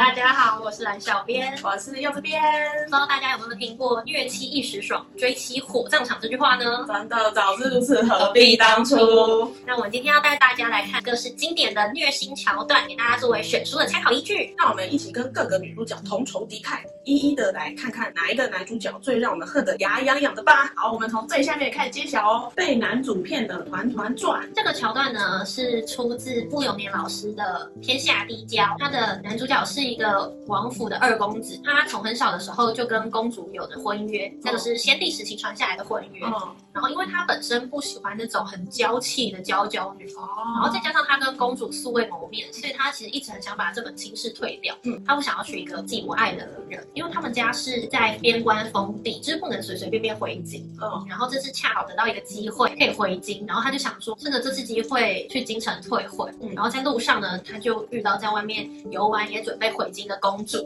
大家好，我是嵐小編，我是柚子編。不知道大家有沒有聽過“虐妻一時爽，追妻火葬場”這句話呢？真的早知如此，何必當初？那我今天要帶大家來看各式經典的虐心橋段，給大家作為選書的參考依據。那我們一起跟各個女主角同仇敵愾，一一的來看看哪一個男主角最讓我們恨得牙癢癢的吧。好，我們從最下面開始揭曉哦。被男主騙的團團轉這個橋段呢，是出自傅有年老師的《天下第一嬌》，他的男主角是。一個王府的二公子，他從很小的時候就跟公主有着婚約，這個是先帝時期傳下來的婚約。哦、然後，因為他本身不喜歡那種很嬌氣的嬌嬌女，哦。然後再加上他跟公主素未謀面，所以他其實一直很想把這門親事退掉。嗯。他不想要娶一個自己不愛的人，因為他們家是在邊關封地，就是不能隨隨便便回京。嗯、哦。然後這次恰好得到一個機會可以回京，然後他就想說趁着這次機會去京城退婚。嗯。然後在路上呢，他就遇到在外面遊玩也準備回京。水晶的公主，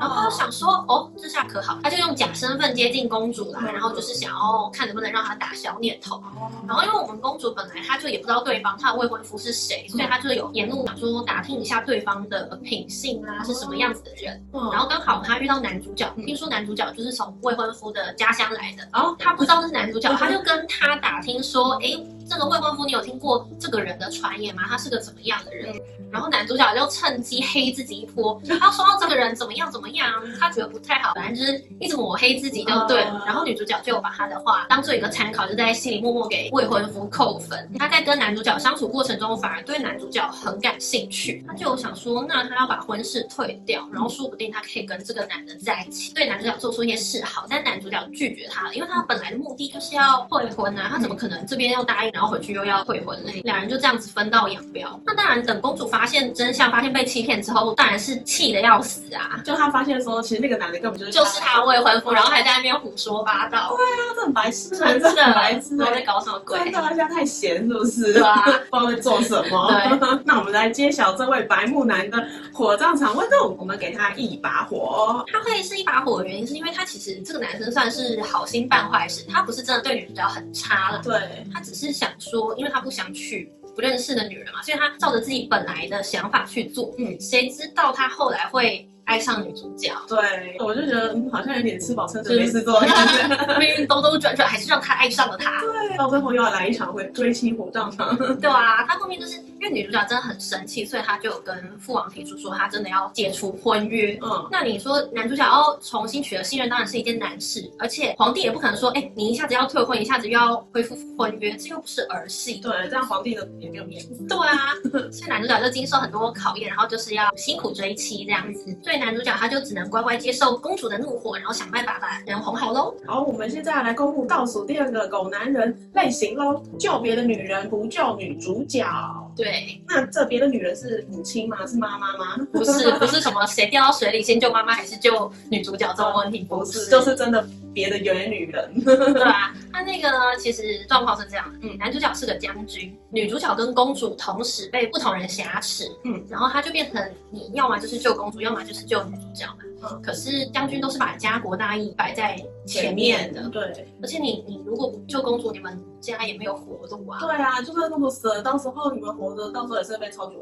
然後就想說，哦，這下可好，他就用假身份接近公主啦，然後就是想要、哦、看能不能讓她打消念頭。然後因為我們公主本來她就也不知道對方她的未婚夫是誰，所以她就有沿路想說打聽一下對方的品性啊，是什麼樣子的人。然後剛好她遇到男主角，聽說男主角就是從未婚夫的家鄉來的，然後她不知道這是男主角，她就跟他打聽說，哎。這個未婚夫，你有聽過這個人的傳言嗎？他是個怎麼樣的人？嗯、然後男主角就趁機黑自己一波，他、嗯、說到這個人怎麼樣怎麼樣，他覺得不太好，反正就是一直抹黑自己就對。呃、然後女主角就把他的話當做一個參考，就在心裡默默給未婚夫扣分。他在跟男主角相處過程中，反而對男主角很感興趣，他就想說，那他要把婚事退掉，然後說不定他可以跟這個男的在一起，對男主角做出一些示好。但男主角拒絕他了，因為他本來的目的就是要退婚，婚啊，他怎麼可能這邊要答應？嗯嗯然後回去又要退婚，那兩人就這樣子分道揚鑣。那當然，等公主發現真相，發現被欺騙之後，當然是氣得要死啊！就她發現說，其實那個男的根本就是就是她未婚夫，然後還在那邊胡說八道。對啊，這很白痴，真的，嗯、很白痴，還、嗯、在搞什麼鬼啊？現在太閒是不是？對、啊、不知道在做什麼。 對 那我們來揭曉這位白目男的火葬場溫度。我們給他一把火，哦，他會是一把火的原因是因為他其實這個男生算是好心辦壞事，他不是真的對女主角很差了，對他只是想。說，因為他不想娶不認識的女人嘛，所以他照着自己本來的想法去做。嗯，誰知道他後來會愛上女主角。對，我就覺得、嗯、好像有點吃飽撐着沒事做，命運兜兜轉轉還是讓他愛上了她。對，到最後又要來一場會追妻火葬場。 對啊，他後面就是因為女主角真的很生氣，所以他就有跟父王提出說他真的要解除婚約。嗯，那你說男主角要重新取得信任，當然是一件難事，而且皇帝也不可能說，哎、欸，你一下子要退婚，一下子又要恢復婚約，這又不是兒戲。對，這樣皇帝的也沒有面子。 對啊，所以男主角就經受很多考驗，然後就是要辛苦追妻這樣子。對、嗯。男主角他就只能乖乖接受公主的怒火，然後想辦法把人哄好嘍。好，我們現在來公布倒數第二個狗男人類型嘍，救別的女人不救女主角。對，那這別的女人是母親嗎？是媽媽嗎？ 不是，不是什麼誰掉到水裡先救媽媽還是救女主角這種問題， 不是，就是真的別的原女人， 對吧、啊？那那個呢，其實狀況是這樣嗯，男主角是個將軍，女主角跟公主同時被不同人挾持，嗯，然後他就變成你要麼就是救公主，要麼就是救女主角嘛。嗯、可是將軍都是把家國大義擺在前面的，對，面對。而且你你如果不救公主，你們家也沒有活路啊。對啊，就算那麼死，到時候你們活着，到時候也是被抄家。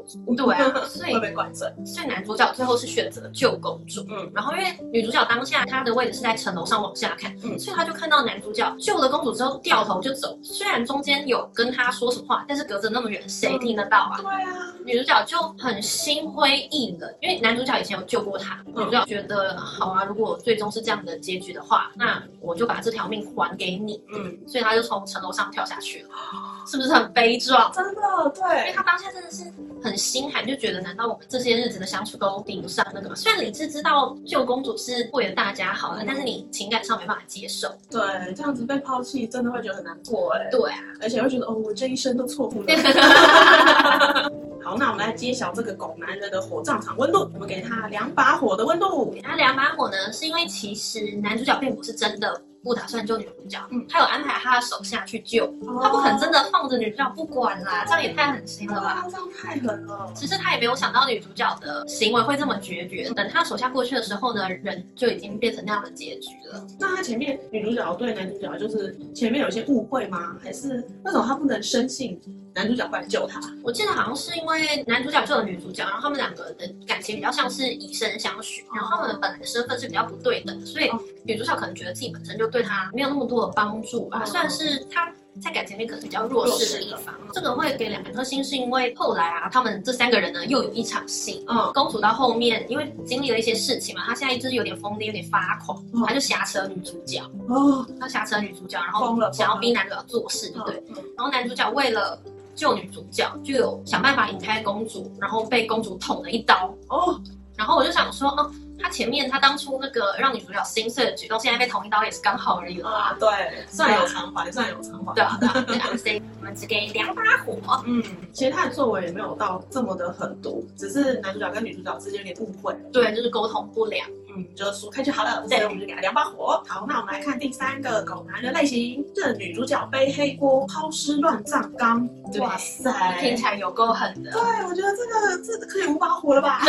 對、啊，所以會被關着。所以男主角最後是選擇救公主。嗯。然後因為女主角當下她的位置是在城樓上往下看，嗯，所以她就看到男主角救了公主之後掉頭就走。嗯、雖然中間有跟他說什麼話，但是隔着那麼遠，誰聽得到啊？嗯、對啊。女主角就很心灰意冷，因為男主角以前有救過她，女主角覺得。覺得好啊，如果最終是這樣的結局的話，那我就把這條命還給你。嗯，所以他就從城樓上跳下去了，哦、是不是很悲壯？真的，對，因為他當下真的是很心寒，就覺得難道我們這些日子的相處都抵不上那個嗎？雖然理智知道救公主是為了大家好，但是你情感上沒辦法接受。對，這樣子被拋棄，真的會覺得很難過，欸。哎，對啊，而且會覺得哦，我這一生都錯過了。 好，那我們來揭曉這個狗男人的火葬場溫度。我們給他兩把火的溫度，給他兩把火呢，是因為其實男主角並不是真的。不打算救女主角，嗯、他有安排他的手下去救，哦、他不可能真的放着女主角不管啦，真的、這樣也太狠心了吧，哦、這樣太狠了。其實他也沒有想到女主角的行為會這麼決絕，嗯、等他手下過去的時候呢，人就已經變成那樣的結局了。那他前面女主角對男主角就是前面有一些誤會嗎？還是那種他不能深信男主角會來救他？我記得好像是因為男主角救了女主角，然後他們兩個人的感情比較像是以身相許，然後他們的本來的身份是比較不對等，所以女主角可能覺得自己本身就對、哦。對他沒有那麼多的幫助吧，啊哦、算是他在感情面可能比較弱勢的一方。這個會給兩顆星，是因為後來啊，他們這三個人呢又有一場戲，嗯，公主到後面因為經歷了一些事情嘛，她現在就是有點瘋癲，有點發狂，她、哦、就挾持了女主角，哦，她挾持了女主角，然後想要逼男主角做事，對？嗯嗯、然後男主角為了救女主角，就有想辦法引開公主，然後被公主捅了一刀，哦，然後我就想說，哦、啊。他前面他當初那個讓女主角心碎的舉動，現在被捅一刀也是剛好而已了啊！對，嗯啊、算有償還，算有償還。對啊，對啊， 我們只給兩把火。嗯，其實他的作為也沒有到這麼的狠毒，只是男主角跟女主角之間有點誤會，對，就是溝通不良。嗯，就說開就好了。接下來我們就給他兩把火。好，那我們來看第三個狗男人類型，這女主角背黑鍋、拋屍亂葬崗。對，哇塞，聽起來有夠狠的。對，我覺得這個這個、可以五把火了吧？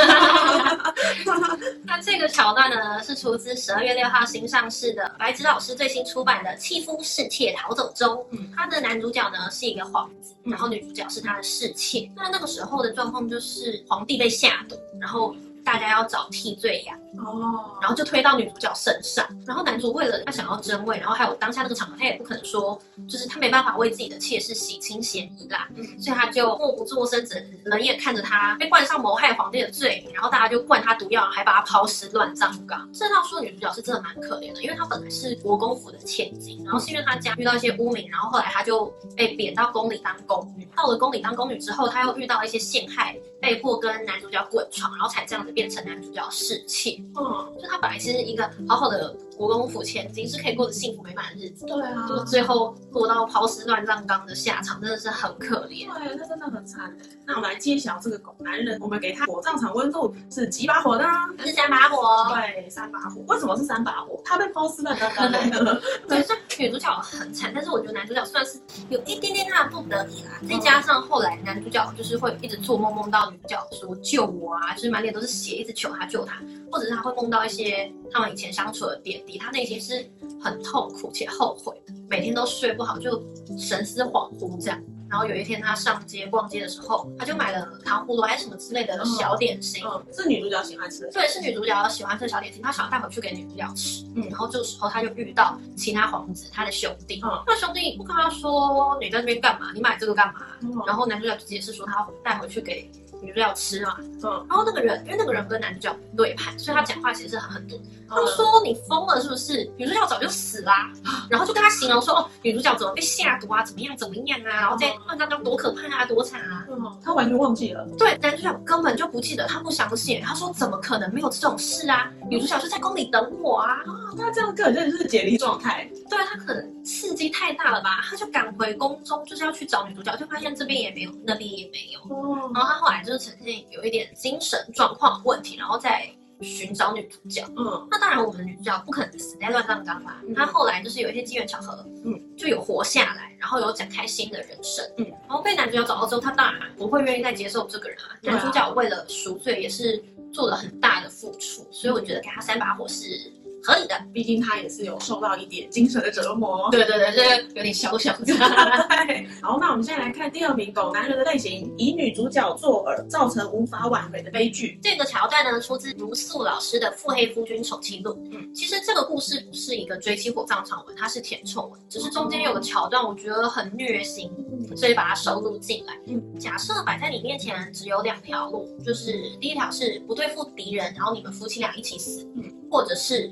那這個橋段呢，是出自十二月六號新上市的白芷老師最新出版的《棄夫侍妾逃走中》。嗯，他的男主角呢是一個皇子，然後女主角是他的侍妾。那那個時候的狀況就是皇帝被下毒，然後。大家要找替罪羊哦，然後就推到女主角身上。然後男主為了他想要爭位，然後還有當下那個場合，他也不可能說就是他沒辦法為自己的妾室洗清嫌疑啦。嗯、所以他就默不作聲，只冷眼看着他被冠上謀害皇帝的罪名。然後大家就灌他毒藥，還把他拋屍亂葬崗。這套書女主角是真的蠻可憐的，因為她本來是國公府的千金，然後是因為她家遇到一些污名，然後後來她就被貶到宮裡當宮女。嗯。到了宮裡當宮女之後，她又遇到一些陷害，被迫跟男主角滾床，然後才這樣子。變成男主角侍妾，嗯，就他本來其實一個好好、嗯、的。國公府千金是可以過得幸福美滿的日子。對啊，就最後落到拋屍亂葬崗的下場，真的是很可憐。對，那真的很慘、欸。那我們來揭曉這個狗男人，我們給他火葬場溫度是幾把火呢、啊？是三把火。對，三把火。為什麼是三把火？他被拋屍了。亂葬崗 對。雖然女主角很慘，但是我覺得男主角算是有一點點他的不得已啦、啊。嗯、再加上後來男主角就是會一直做夢，夢到女主角說救我啊，就是滿臉都是血，一直求他救他，或者是他會夢到一些他們以前相處的點。他內心是很痛苦且後悔的，每天都睡不好，就神思恍惚這樣。然後有一天他上街逛街的時候，他就買了糖葫蘆還是什麼之類的小點心，嗯嗯、是女主角喜歡吃。對，是女主角喜歡吃的小點心，嗯、他想要帶回去給女主角吃。嗯，然後這個時候他就遇到其他皇子，他的兄弟。嗯、那兄弟不跟他說，你在這邊幹嘛？你買這個幹嘛？嗯、然後男主角就解釋說他帶回去給。女主角要吃嘛、啊，嗯，然後那個人因為那個人跟男主角對盤，嗯、所以他講話其實是很狠毒。嗯、他們說，你瘋了是不是？女主角早就死啦，然後就跟他形容、啊、說哦，女主角怎麼被下毒啊？怎麼樣怎麼樣啊？嗯、然後在亂葬崗多可怕啊，多慘啊！哦、他完全忘記了，對，男主角根本就不記得，他不相信，他說，怎麼可能沒有這種事啊？女主角是在宮裡等我啊，啊、哦，這樣子認定是解離狀態，對啊，他可能刺激太大了吧，他就趕回宮中，就是要去找女主角，就發現這邊也沒有，那邊也沒有，哦、嗯，然後他後來就是呈現有一點精神狀況問題，然後再。尋找女主角，嗯，那當然我們女主角不可能死在亂葬崗啦。她、嗯、後來就是有一些機緣巧合，嗯，就有活下來，然後有展開新的人生，嗯，然後被男主角找到之後，她當然不會願意再接受這個人啊。男、嗯、主角為了贖罪也是做了很大的付出，嗯、所以我覺得給他三把火是。可以的，畢竟他也是有受到一點精神的折磨。對對對，這、就、個、是、有點小小的。 好，那我們現在來看第二名，狗男人的類型，以女主角作餌，造成無法挽回的悲劇。這個橋段呢，出自如素老師的《腹黑夫君寵妻錄》嗯。其實這個故事不是一個追妻火葬場文，它是甜寵文，只是中間有個橋段，我覺得很虐心，嗯、所以把它收錄進來。嗯、假設擺在你面前只有兩條路，就是第一條是不對付敵人，然後你們夫妻倆一起死。嗯、或者是。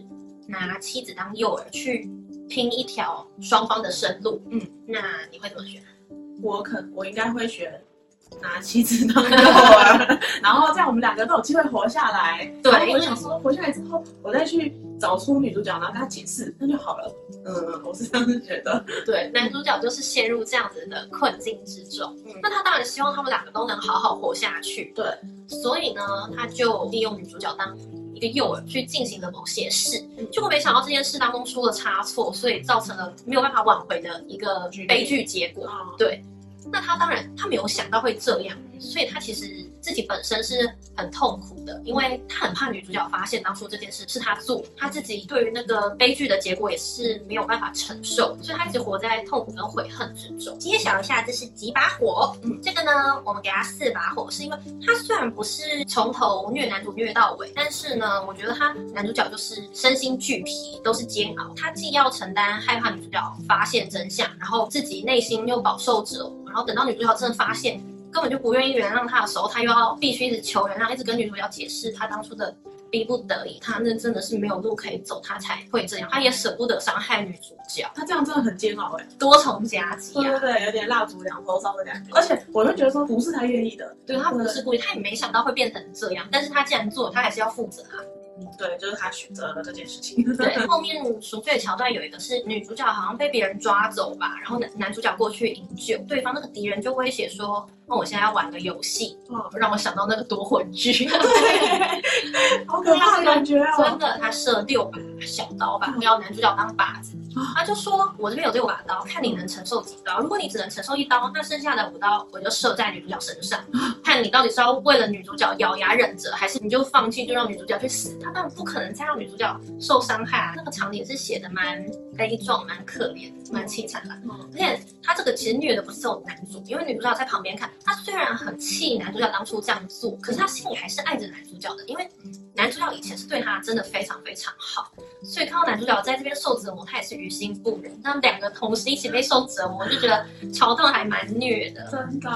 拿妻子當誘餌去拼一條雙方的生路，嗯，嗯，那你會怎麼選、啊？我肯，我應該會選拿妻子當誘餌， 然後這樣我們兩個都有機會活下來。對，我想說活下來之後，為我再去找出女主角，然後跟她解釋，那就好了。嗯，嗯，我是這樣子覺得。對，男主角就是陷入這樣子的困境之中，嗯，那他當然希望他們兩個都能好好活下去。嗯、對，所以呢，他就利用女主角當。一個誘餌去進行了某些事，嗯、結果沒想到這件事當中出了差錯，所以造成了沒有辦法挽回的一個悲劇結果。哦、對，那他當然他沒有想到會這樣，所以他其實。自己本身是很痛苦的，因為他很怕女主角發現當初這件事是他做，他自己對於那個悲劇的結果也是沒有辦法承受，所以他一直活在痛苦跟悔恨之中。揭曉一下，這是幾把火？嗯，這個呢，我們給他四把火，是因為他雖然不是從頭虐男主虐到尾，但是呢，我覺得他男主角就是身心俱疲，都是煎熬。他既要承擔害怕女主角發現真相，然後自己內心又飽受折磨，然後等到女主角真的發現。根本就不願意原諒他的時候，他又要必須一直求原諒，一直跟女主角解釋他當初的逼不得已。他那真的是沒有路可以走，他才會這樣。他也捨不得傷害女主角，他這樣真的很煎熬哎、欸，多重夾擊、啊，對對對，有點蠟燭兩頭燒的感覺。對對對，而且我都覺得說不是他願意的，對他不是故意，他也沒想到會變成這樣，但是他既然做，他還是要負責啊。對，就是他選擇了這件事情。對，後面贖罪的橋段有一個是女主角好像被別人抓走吧，然後男男主角過去營救，對方那個敵人就威脅說：“那、哦、我現在要玩個遊戲。”讓我想到那個奪魂鋸。對， 好可怕的感覺啊、哦！真的，他射六把小刀吧，要、嗯、男主角當靶子。他、啊、就說：“我這邊有這把刀，看你能承受幾刀。如果你只能承受一刀，那剩下的五刀我就射在女主角身上，看你到底是要為了女主角咬牙忍着，還是你就放棄，就讓女主角去死。他、啊、根本不可能再讓女主角受傷害啊！那個場景是寫的蠻悲壯、蠻可憐、蠻淒慘的，嗯、而且。”他這個其實虐的不是這種男主，因為女主角在旁邊看，她雖然很氣男主角當初這樣做，可是她心裡還是愛着男主角的，因為男主角以前是對他真的非常非常好，所以看到男主角在這邊受折磨，她也是於心不忍。他們兩個同時一起被受折磨，就覺得橋段還蠻虐的，真的，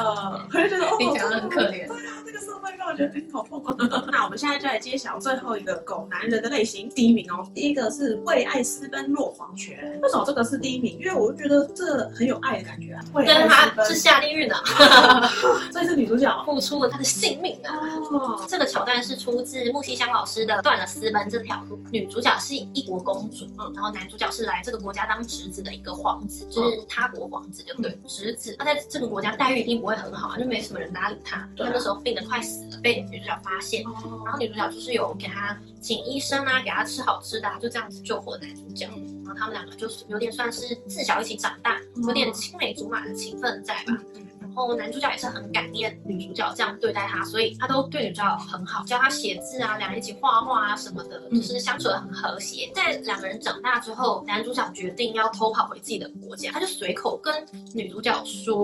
對我就覺得哦，真的，很可憐。對啊，這個社會讓我覺得好痛苦。 那我們現在就來揭曉最後一個狗男人的類型 第一名哦，第一個是為愛私奔落黃泉。為什麼這個是第一名？因為我覺得這個很有愛。的感覺啊，但是他是下地獄的， 這是女主角 付出了她的性命啊。Oh. 這個橋段是出自木西香老師的《斷了私奔這條路》，女主角是一國公主，嗯，然後男主角是來這個國家當侄子的一個皇子，就是他國皇子，對不、oh. 對，嗯、侄子。他在這個國家待遇一定不會很好，啊，就沒什麼人搭理他。啊、他那時候病得快死了，被女主角發現，oh. 然後女主角就是有給他請醫生啊，給他吃好吃的，啊，就這樣子救活男主角。他們兩個就是有點算是自小一起長大，有點青梅竹馬的情分在吧。嗯、然後男主角也是很感念女主角這樣對待他，所以他都對女主角很好，教她寫字啊，兩人一起畫畫啊什麼的，嗯、就是相處的很和諧。在兩個人長大之後，男主角決定要偷跑回自己的國家，他就隨口跟女主角說：“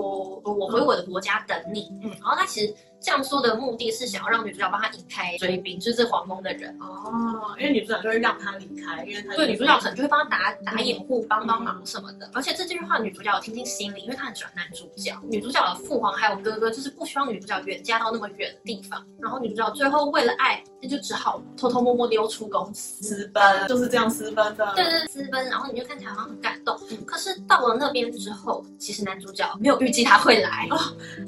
嗯、我回我的國家等你。”嗯，然後他其實。這樣說的目的是想要讓女主角幫他引開追兵，就是這皇宮的人哦。因為女主角就會讓他離開，因為他對女主角可能就會幫他打打掩護，幫幫、嗯、忙什麼的。而且這句話女主角有聽進心裡，因為她很喜歡男主角。女主角的父皇還有哥哥就是不希望女主角遠嫁到那麼遠的地方。然後女主角最後為了愛，那就只好偷偷摸摸溜出宮，私奔，就是這樣私奔的。對對，私奔，然後你就看起來好像很感動。嗯、可是到了那邊之後，其實男主角沒有預計他會來哦，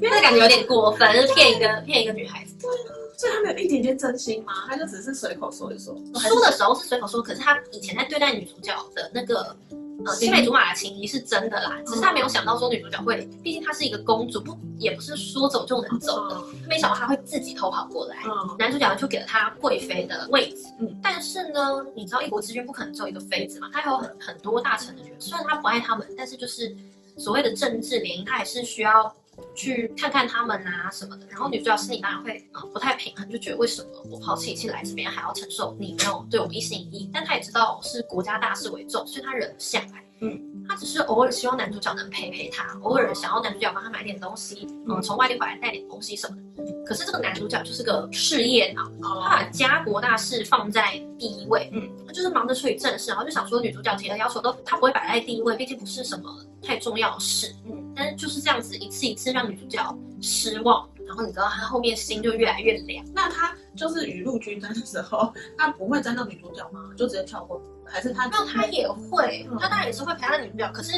因為他感覺有點過分，就是騙一個。 騙一個女孩子，對，所以他沒有一點點真心嗎？他就只是隨口說一說。說的時候是隨口說，可是他以前在對待女主角的那個是呃青梅竹馬的情誼是真的啦。嗯、只是他沒有想到說女主角會，畢竟她是一個公主，不也不是說走就能走的。嗯、沒想到她會自己偷跑過來，嗯、男主角就給了她貴妃的位置。嗯，但是呢，你知道一國之君不可能只有一個妃子嘛？他還有很、嗯、很多大臣的，雖然他不愛他們，但是就是所謂的政治聯姻，他還是需要。去看看他們啊什麼的，然後女主角心裡當然會、嗯、不太平衡，就覺得為什麼我拋棄一切來這邊還要承受你沒有對我一心一意？但她也知道是國家大事為重，所以她忍不下來。嗯，她只是偶爾希望男主角能陪陪她，偶爾想要男主角幫她買點東西，嗯，從、嗯、外地回來帶點東西什麼的。嗯、可是這個男主角就是個事業腦，他把家國大事放在第一位，嗯，他就是忙着處理政事，然後就想說女主角提的要求都他不會擺在第一位，畢竟不是什麼太重要的事，嗯。但是就是這樣子一次一次讓女主角失望，嗯、然後你知道他後面心就越來越涼。那他就是雨露均沾的時候，他不會沾到女主角嗎？就直接跳過？還是他？那他也會，嗯、他當然也是會陪他女主角。可是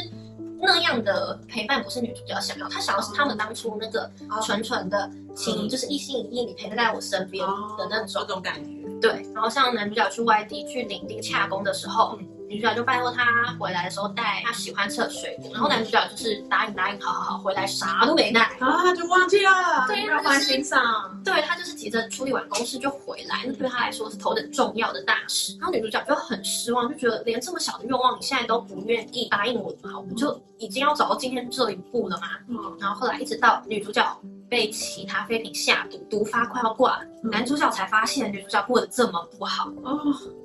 那樣的陪伴不是女主角想要，他想要是他們當初那個純純的情誼、哦哦，就是一心一意你陪在我身邊的那種，哦、這種感覺。對，然後像男主角去外地去領兵洽公的時候。嗯女主角就拜託他回來的時候帶他喜歡吃的水果，然後男主角就是答應答應好好好，回來啥都沒帶啊，就忘記了，對、啊、要很心賞。對他就是急着處理完公事就回來，那對他來說是頭等重要的大事。然後女主角就很失望，就覺得連這麼小的願望你現在都不願意答應我，好，我就已經要走到今天這一步了嘛、嗯、然後後來一直到女主角。被其他妃嬪下毒，毒發快要掛，嗯、男主角才發現女主角過得這麼不好。哦，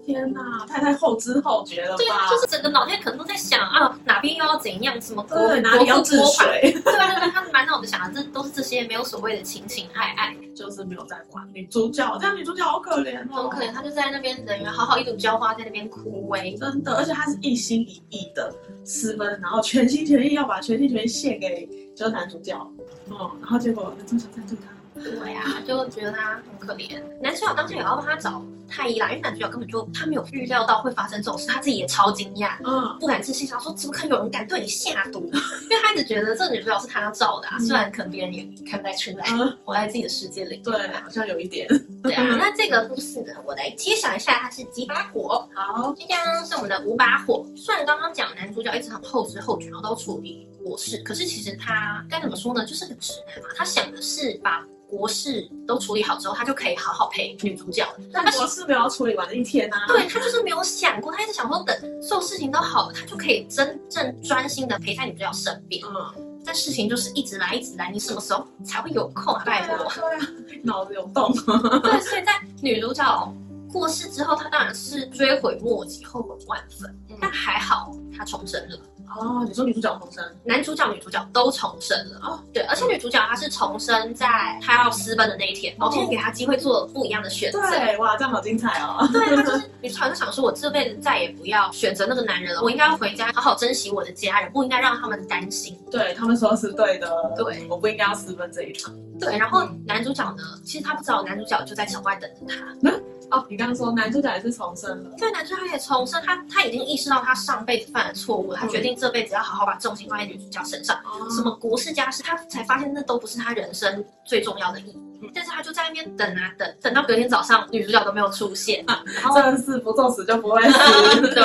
天哪，太太後知後覺了啊！對就是整個腦袋可能都在想啊，哪邊又要怎樣？什麼鍋，對，哪裡要治水。對對對，他滿腦子想的 這都是這些沒有所謂的情情愛愛，就是沒有在管女主角。這樣女主角好可憐哦，好可憐，她就在那邊人，人後好好一朵嬌花在那邊枯萎，嗯。真的，而且她是一心一意的私奔，然後全心全意要把全心全意獻給。只有男主角，哦、嗯，然後結果就主角在追他。對呀、啊，就覺得他很可憐。男主角當時也要幫他找太醫啦，因為男主角根本就他沒有預料到會發生這種事，他自己也超驚訝，嗯，不敢置信，想說怎麼可能有人敢對你下毒？嗯、因為他一直覺得這女主角是他找的、啊，嗯、雖然可能別人也看不出來，嗯、活在自己的世界裡、啊，對，好像有一點。對啊，那這個故事呢，我來揭曉一下，它是幾把火？好，即將是我們的五把火。雖然剛剛講男主角一直很後知後覺，然後都處理過失，可是其實他該怎麼說呢？就是個直男嘛，他想的是把。國事都處理好之後，他就可以好好陪女主角。那但國事沒有處理完的一天啊！ 對，他就是沒有想過，他一直想說等所有事情都好了，他就可以真正專心的陪在女主角身邊。嗯，但事情就是一直來一直來，你什麼時候才會有空帶、啊、我、啊？對呀、啊，腦 子有洞。 對，所以在女主角過世之後，她當然是追悔莫及，後悔萬分。嗯、但還好，她重生了。哦，你說女主角重生，男主角、女主角都重生了哦，對，而且女主角她是重生在她要私奔的那一天，哦、然後給她機會做不一樣的選擇。對，哇，這樣好精彩哦！對，她就是，你突然就想說，我這輩子再也不要選擇那個男人了，我應該要回家好好珍惜我的家人，不應該讓他們擔心。對，對他們說，是對的。對，我不應該要私奔這一場。對，然後男主角呢，其實他不知道，男主角就在城外等着他。嗯哦，你剛剛說男主角是重生的，對，男主角也重生，他他已經意識到他上輩子犯了錯誤，嗯、他決定這輩子要好好把重心放在女主角身上，嗯、什麼國事家事，他才發現那都不是他人生最重要的意義。嗯、但是他就在那邊等啊等，等到隔天早上，女主角都沒有出現。啊嗯、真的是不作死就不會死。嗯嗯、 對，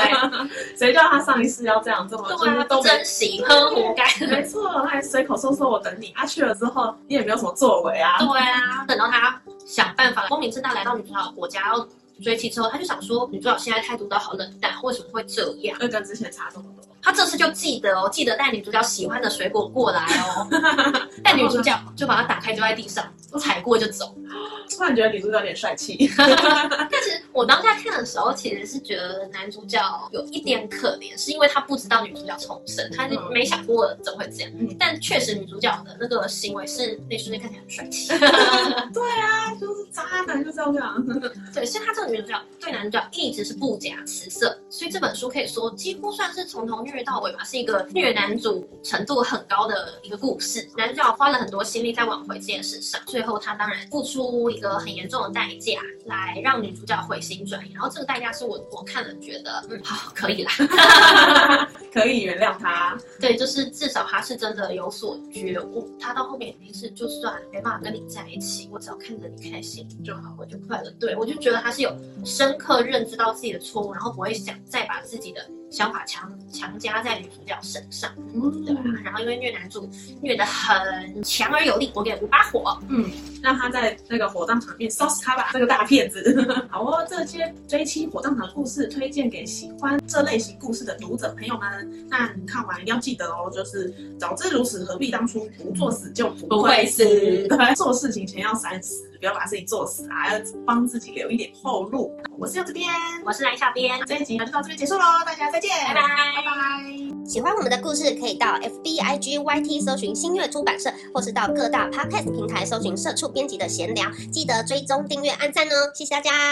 誰叫他上一世要這樣這麼對啊？真行對，活該。沒錯，他還隨口說說我等你，他、啊、去了之後，你也沒有什麼作為啊。對啊，等到他想辦法光明正大來到女主角國家，要。追妻之後，他就想說女主角現在態度都好冷淡，為什麼會這樣？那跟之前差這麼多。他這次就記得哦，記得帶女主角喜歡的水果過來哦。帶 女主角就把它打開丟在地上， 踩過就走。突然覺得女主角有點帥氣。 但是。我當下看的時候，其實是覺得男主角有一點可憐，是因為他不知道女主角重生，他就沒想過，怎麼會這樣。但確實女主角的那個行為是那瞬間看起來很帥氣。 對啊，就是渣男就這樣這樣。 對，所以他這個女主角對男主角一直是不假辭色，所以這本書可以說幾乎算是從頭虐到尾吧，是一個虐男主程度很高的一個故事。男主角花了很多心力在挽回這件事上，最後他當然付出一個很嚴重的代價來讓女主角回心轉移，然後這個代價是我我看了覺得嗯好可以啦， 可以原諒他。對，就是至少他是真的有所覺悟，他到後面肯定是就算沒辦法跟你在一起，我只要看着你開心就好，我就快樂。對，我就覺得他是有深刻認知到自己的錯誤，然後不會想再把自己的。想法強強加在女主角身上，嗯、對吧？嗯、然後因為虐男主虐得很強而有力，我給五把火，嗯，讓他在那個火葬場面燒死他吧，這個大騙子。 好哦，這些追妻火葬場的故事推薦給喜歡這類型故事的讀者朋友們。嗯、那你看完一定要記得哦，就是早知如此，何必當初？不作死就不會死。會對，做事情前要三思。不要把自己作死啊！要幫自己留一點後路。我是柚子編，我是嵐小編。這一集呢就到這邊結束嘍，大家再見，拜拜拜拜。Bye bye。喜歡我們的故事，可以到 F B I G Y T 搜尋“新月出版社”，或是到各大 podcast 平台搜尋“社畜編輯的閒聊”，記得追蹤訂閱按讚哦，謝謝大家。